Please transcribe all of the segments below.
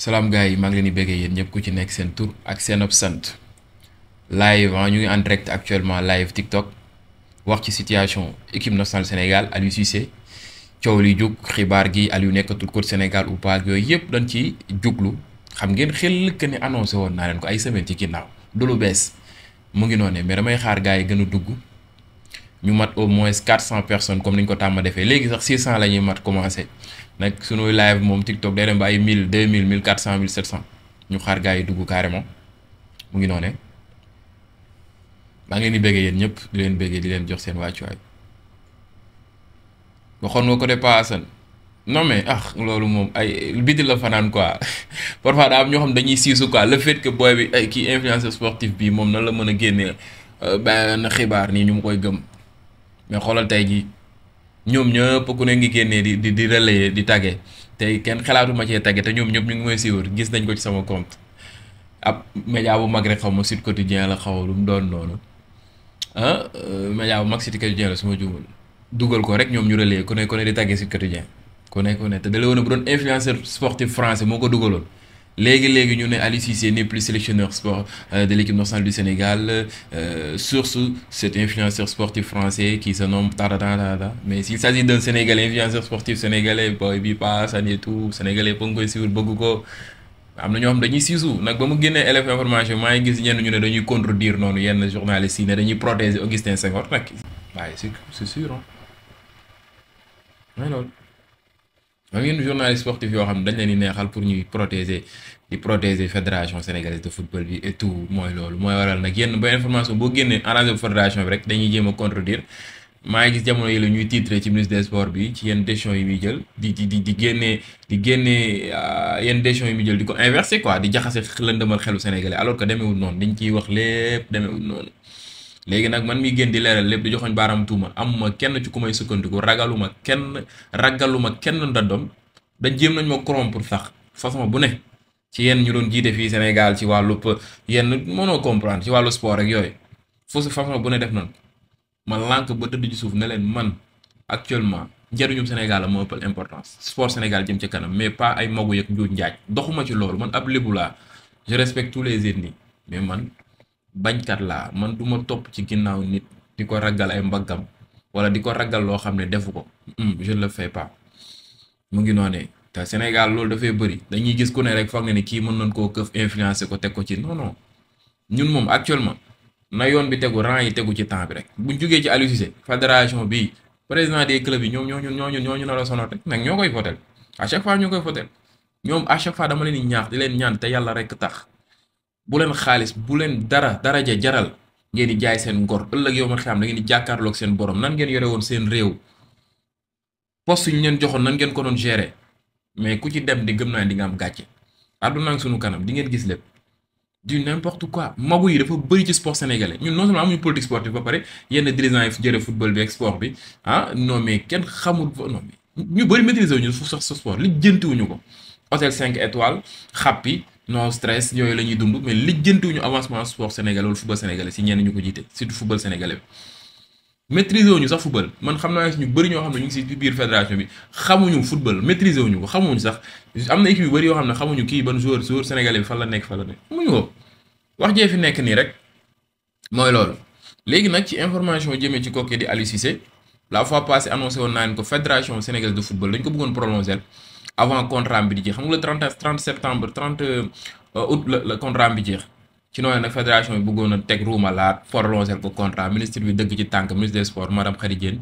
salaam gars yi maa ngi leen di béggee yéen ñëpp ku ci nekk seen tur ak seen ab sant waa ah, ñu ngi en direct actuellement live TikTok wax ci situation équipe nationale Sénégal Aliou Cissé coow li jug xibaar gi Aliou nekkatul coach Sénégal ou yooyu yëpp dañ ci juglu xam ngeen xel que ne annoncé woon naa leen ko ay semaine ci ginnaaw du lu bees mu ngi noonee mais may xaar gaa yi gën a dugg. ñu mat au moins quatre cent personne comme ni ñu ko tàmm defee léegi sax six cent la ñuy mat commencé nag suñuy live moom TikTok day dem ba ay mill deux mille mille quatre cent mille sept cent ñu xaar gars yi dugg carrément mu ngi noonee maa ngi leen di béggee ñëpp di leen béggee di leen jox seen wàccuwaay waxoon nga ko de Pa Assane mais ah loolu moom ay biti la fanaan quoi parfois daa am ñoo xam dañuy siisu quoi le fait que booy bi ay kii influenceur sportif bi moom nan la mën a génnee euh, benn xibaar nii ñu mu koy gëm mais xoolal tey jii ñoom ñëpp ku ne ngi génnee di di di relayer di tàggee tey kenn xalaatuma cee tagge te ñoom ñëpp ñu ngi may siiwar gis nañ ko ci sama compte ab média bu mag rek xaw ma Sud Quotidien la xaw lu mu doon noonu ah euh, média bu mag Sud Quotidien la su ma juumul dugal ko rek ñoom ñu relayer ku ne ku ne di tagge Sud Quotidien ku ne ku ne te da la bu doon influenceur sportif français moo ko dugaloon. léegi léegi ñu ne Aliou Cissé n'est plus sélectionneur sport euh, de l'équipe nationale du Sénégal euh, source c'est influenceur sportif français qui se nomme Taradada mais s'il s'agit d'un Sénégalais influenceur sportif sénégalais boy bi pass et tout sénégalais ba nga koy suivre bëgg ko am na ñoo xam dañuy siisu nag ba mu génnee élève information maa ngi gis ñenn ñu ne dañuy contredire noonu yenn journalistes yi ne dañuy protéger Augustin Senghor nag waaye c'est sûr ah mooy loolu am yenn journaliste sportif yoo xam ne dañ leen di neexal pour ñuy protéger di protéger fédération sénégalaise de football bi et mooy loolu mooy waral nag yenn ba information boo génnee arrangé bu fédération bi rek dañuy jéem a contredire maa ngi gis jamono yi la ñuy titre ci ministre des sports bi ci yenn décisions yi muy jël di di di di génnee di génnee euh, yenn décisions yi muy jël di ko inversé quoi di jaxasee jaxase lëndëmal xelu sénégalais alors que demeewul noonu dañ ciy wax lépp demeewul noonu. léegi nag man mi génn di leeral lépp di joxoñ baaram tuuma amuma kenn ci ku may sukkandiku ragaluma kenn ragaluma kenn ndaddom da jéem nañ ma corrompre sax façon bu ne ci yenn ñu doon jiite fii Sénégal ci wàllu yenn mënoo comprendre ci wàllu sport rek yooyu foofu façon bu ne def noonu ma lànk ba dëdd ci suuf ne leen man actuellement njëriñum Sénégal la moo ëppal importance sport Sénégal jëm ci kanam mais pas ay magu yeeg njuuj njaaj doxuma ci loolu man ab lébu laa je les ethnies mais man bañkat laa man duma topp ci ginnaaw nit di ko ragal ay mbaggam wala di ko ragal loo xam ne defu ko mm, je le fais pas mu ngi ne te Sénégal loolu dafay bëri dañuy gis ku ne rek foog ne ni kii mën nañ koo këf influencer ko teg ko ci non ñun moom actuellement na yoon bi tegu rang yi tegu ci temps bi rek buñ jugee ci Aliou Cissé fédération bi président des clubs yi ñoom ñoo ñoo ñoo ñoo ñu nar a sonal rek nag ñoo koy votel à chaque fois ñoo koy votel ñoom leen ñaan te yàlla rek tax. bu leen xaalis bu leen dara daraja jaral ngeen di jaay seen ngor ëllëg yow man xam da ngeen di jàkkaarloog seen borom nan ngeen yore woon seen réew poste ñu leen joxoon nan ngeen ko doon gérer mais ku ci dem di gëm naa di nga am gàcce àdduna ak sunu kanam di ngeen gis lépp du n'importe quoi magu yi dafa bëri ci sport sénégalais ñun non seulement amuñu politique sportive ba pare yenn dirigeants yi jëre football bi ak sport bi ah mais kenn xamul non mais ñu bëri maîtriser wuñu foofu sax sa sport li jëntiwuñu ko hôtel 5 étoiles xàppi non stress yooyu la ñuy dund mais lijjantiwuñu avancement sport sénégalais wala football sénégalais si ñenn ñu ko jiite surtout football sénégalais bi maîtriser wuñu sax football man xam naa ñu bëri ñoo xam ne ñu ngi si biir fédération bi xamuñu football maîtriser wuñu ko xamuñu sax am na équipe yu bëri yoo xam ne xamuñu kii ban joueur joueur sénégalais bi fa la nekk fa la nekk xamuñu ko wax jee fi nekk nii rek mooy loolu léegi nag ci information jëmee ci kooku di Aliou la fois passée annoncé woon naa leen ko fédération sénégalaise de football dañ ko bëggoon prolonger avant contrat bi di jeex xam nga le 30 30 septembre 30 euh, août la la contrat bi jeex ci noonu nag fédération bi bëggoon a teg ruumalaat forlonger ko contrat ministre bi dëgg ci tànk ministre des sports madame Khady Diène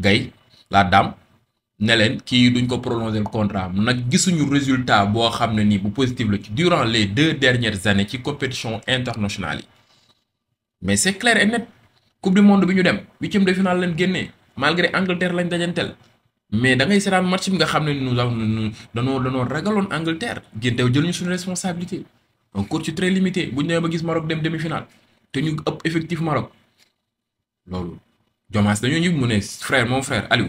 Gaye la dame ne leen kii duñ ko prolonger contrat nag gisuñu résultat boo xam ne nii bu positif la ci durant les deux dernières années ci compétition internationale yi mais c'est clair et net coupe du monde bi ñu dem huitième de finale lañ génnee malgré Angleterre lañ dajanteel mais da ngay seetaan match bi nga xam ne nous avons danoo danoo ragaloon Angleterre géntew jëluñu suñu responsabilité donc coach très limité bu ñu demee ba gis Maroc dem demi-finale te ñu ëpp effectif Maroc loolu Jomaas dañoo ñib mu ne frère mon frère Aliou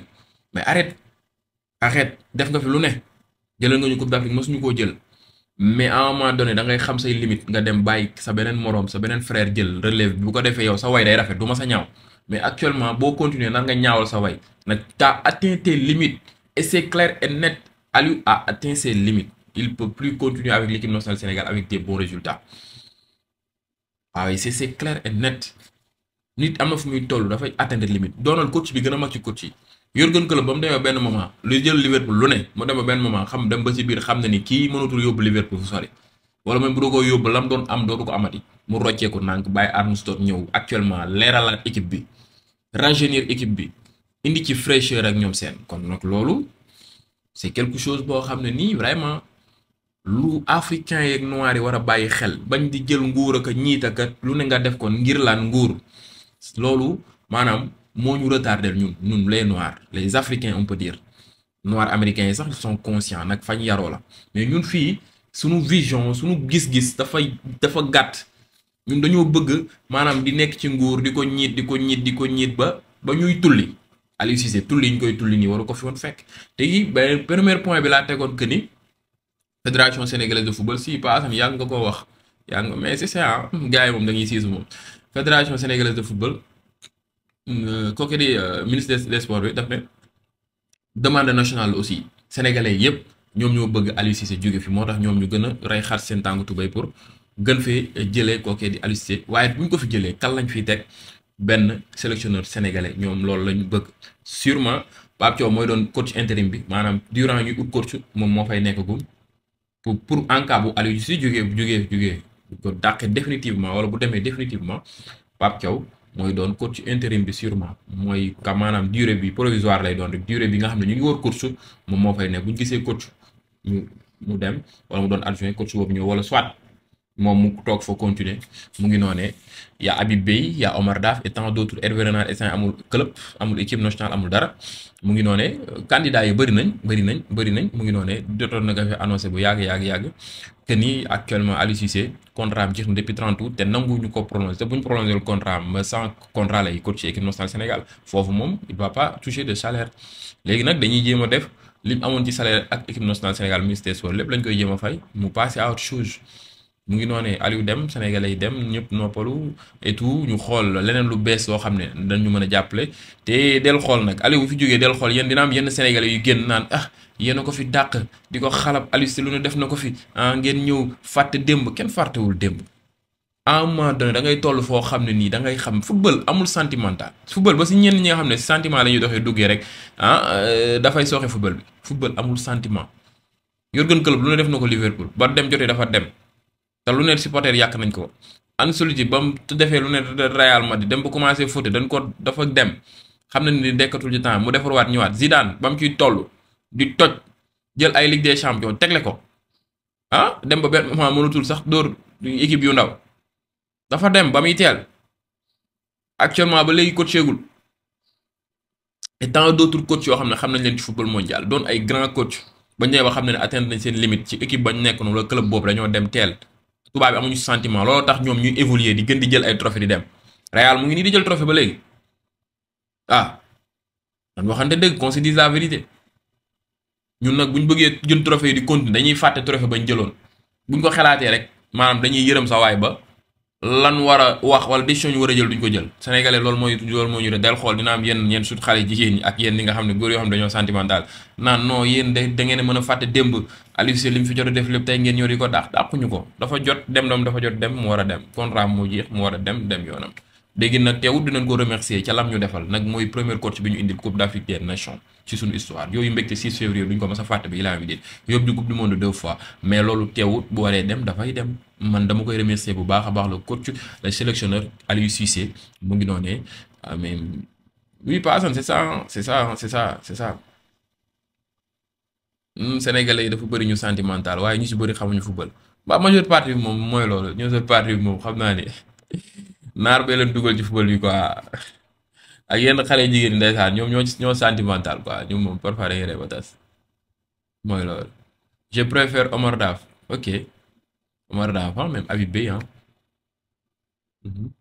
mais arrête arrête def nga fi lu ne jëlal nga ñu Coupe d'Afrique mosuñu koo jël. mais à un moment da ngay xam say limite nga dem bàyyi sa beneen moroom sa beneen frère jël relève bi bu ko defee yow sa way day rafet du ma sa ñaaw mais actuellement boo continuer nar nga ñaawal sa way nag t'as atteint tes limites et c'est clair et net Aliou a atteint ses limites il peut plus continuer avec l'équipe nationale Sénégal avec des bons résultats waaw ah c'est c'est clair et net nit am na fu muy toll dafay atteindre limite doonal coach bi gën a mag ci coach yi Jürgen Klopp ba mu demee benn moment lu jël Liverpool lu ne mu demee benn moment xam dem ba si biir xam na ni kii mënatul yóbbu Liverpool fu sori wala même bu doo ko yóbbu lam doon am dootu ko amati mu rocceeku nànk bàyyi Armstrong ñëw actuellement leeralaat équipe bi rajeunir équipe bi indi ci fraîcheur ak ñoom seen kon nag loolu c'est quelque chose boo xam ne nii vraiment lu africain yeeg noir yi war a bàyyi xel bañ di jël nguur ak a ñiit lu ne nga def kon ngir laan nguur loolu maanaam moo ñu retardé ñun ñun les noirs les africains on peut dire noirs américains yi sax son sont nag fañ yaroo la mais ñun fii suñu vision suñu gis-gis dafay dafa gàtt ñun dañoo bëgg maanaam di nekk ci nguur di ko ñiit di ko ñiit di ko ñiit ba ba ñuy tulli Aliou Cissé tulli ñu koy tulli nii waru ko fi woon fekk te yi benn premier point bi laa tegoon que ni fédération sénégalaise de football si paasam yaa nga koo wax yaa nga mais c'est ça gars yi moom dañuy siis moom fédération sénégalaise de football. Euh, kooku di euh, ministre des sports bi daf ne demande nationale aussi sénégalais yëpp ñoom ñoo bëgg Aliou Cissé jóge fi moo tax ñoom ñu gën a rey xar seen tàngu tubéy pour gën fee jëlee kooku di Aliou Cissé waaye bu ko fi jëlee kan lañ fiy teg benn sélectionneur sénégalais ñoom loolu lañ bëgg surement Pape Thiaw mooy doon coach intérim bi maanaam durant ñu ut coach moom moo fay nekk gum pour pour en bu Aliou Cissé jógee bu jógee jógee ko dàqe définitivement wala bu demee définitivement Pape Thiaw mooy doon coach intérim bi sûrement mooy ka maanaam durée bi provisoire lay doon rek durée bi nga xam ne ñu ngi war coach moom moo fay nekk bu ñu gisee coach ñu mu dem wala mu doon adjoint coach boobu ñëw wala soit moom mu toog fa continuer mu ngi noone yaa Habib Beye yaa Omar Daf et tant d'autres Hervé Renard et amul club amul équipe nationale amul dara mu ngi noonee candidats yu bëri nañ bëri nañ bëri nañ mu ngi noonee jotoon na nga fi annoncé bu yàgg yàgg yàgg que ni actuellement Aliou Cissé contrat am jeex na depuis 30 août te nangu ñu ko prolongé te bu ñu prolongé le contrat am sans contrat lay équipe nationale Sénégal foofu moom il va pas toucher de salaire léegi nag dañuy jéem def li amoon ci salaire ak équipe nationale Sénégal ministère lépp lañ koy jéem a fay mu passé à mu ngi noonee Aliou dem sénégalais yi dem ñëpp noppalu et ñu xool leneen lu bees soo xam ne dañu mën a jàppale te del xool nag Aliou bu fi jógee del xool yéen dina am yenn sénégalais yu génn naan ah yéen ko fi dàq di ko xalab Aliou si lu ne def na ko fi ah ngeen ñëw fàtte démb kenn fàttewul démb. à un moment da ngay toll foo xam ne nii da ngay xam football amul sentimental football ba si ñenn ñi nga xam ne sentiment la ñuy doxee duggee rek ah euh, dafay soxe football bi football amul sentiment Jürgen Klopp lu ne def na ko Liverpool ba dem jotee dafa dem. te lu ne supporter yàq nañ ko Ancelotti ba mu defee lu neen Real Madrid dem ba commencé fóote dañ ko dafa dem xam na ni dekkatul ci temps mu defarwaat ñëwaat Zidane ba mu ciy toll di toj jël ay Ligue des champions tegle ko ah dem ba benn moment mënatul sax dóor équipe yu ndaw dafa dem ba muy teel actuellement ba léegi coachégul et tant d'autres coach yoo xam ne xam nañ leen ci football mondial doon ay grand coach bañ ñëwee ba xam ne ne atteindre nañ seen limite ci équipe bañ nekk noonu la club boobu dañoo dem teel tubaab bi amuñu sentiment looloo tax ñoom ñuy évoluer di gën di jël ay trophée di dem Real mu ngi nii di jël trophée ba léegi ah man waxante dëgg qu'on se dise vérité ñun nag buñ bëggee jël trophée yi di continuer dañuy fàtte trophée bañ jëloon buñ ko xalaatee rek maanaam dañuy yërëm sa waay ba lan war wax wala di ñu war a jël duñ ko jël sénégale loolu mooy loolu moo ñu ne del xool dina am yenn yenn sut xale jigéen ñi ak yenn ñi nga xam ne góor yoo xam ne dañoo sentimental naan non yéen da ngeen a mën a fàtte démb Aliou Cissé li fi jot a def lépp tey ngeen ñëw di ko dàq dàquñu ko dafa jot dem doom dafa jot dem mu war a dem contrat moo jeex mu war a dem dem yoonam léegi nag teewut dinañ ko remercier ca lam ñu defal nag mooy premier coach bi ñu indil Coupe d'Afrique des ci suñu histoire yooyu mbégte 6 février duñ ko mës a fàtte bi ilaa mi déet yóbbu ñu coupe du monde deux fois mais loolu teewut bu waree dem dafay dem man dama koy remercier bu baax a baax le coach le sélectionneur Aliou Cissé mu ngi noonee mais oui Paasan c'est ça c'est ça c'est ça c'est ça hmm, yi dafa bëri ñu sentimental waaye ñu si bëri xamuñu football ba ma partie bi moom mooy loolu majeure partie bi moom xam naa ni naar bee leen dugal ci football bi quoi. ak yenn xale jigéen ñi ndeysaan ñoom ñoo ñoo sentimental quoi ñoom moom parfois dañuy rey mooy loolu je préfère Omar Daf ok Omar Daf ah même Habib ah. Mhm.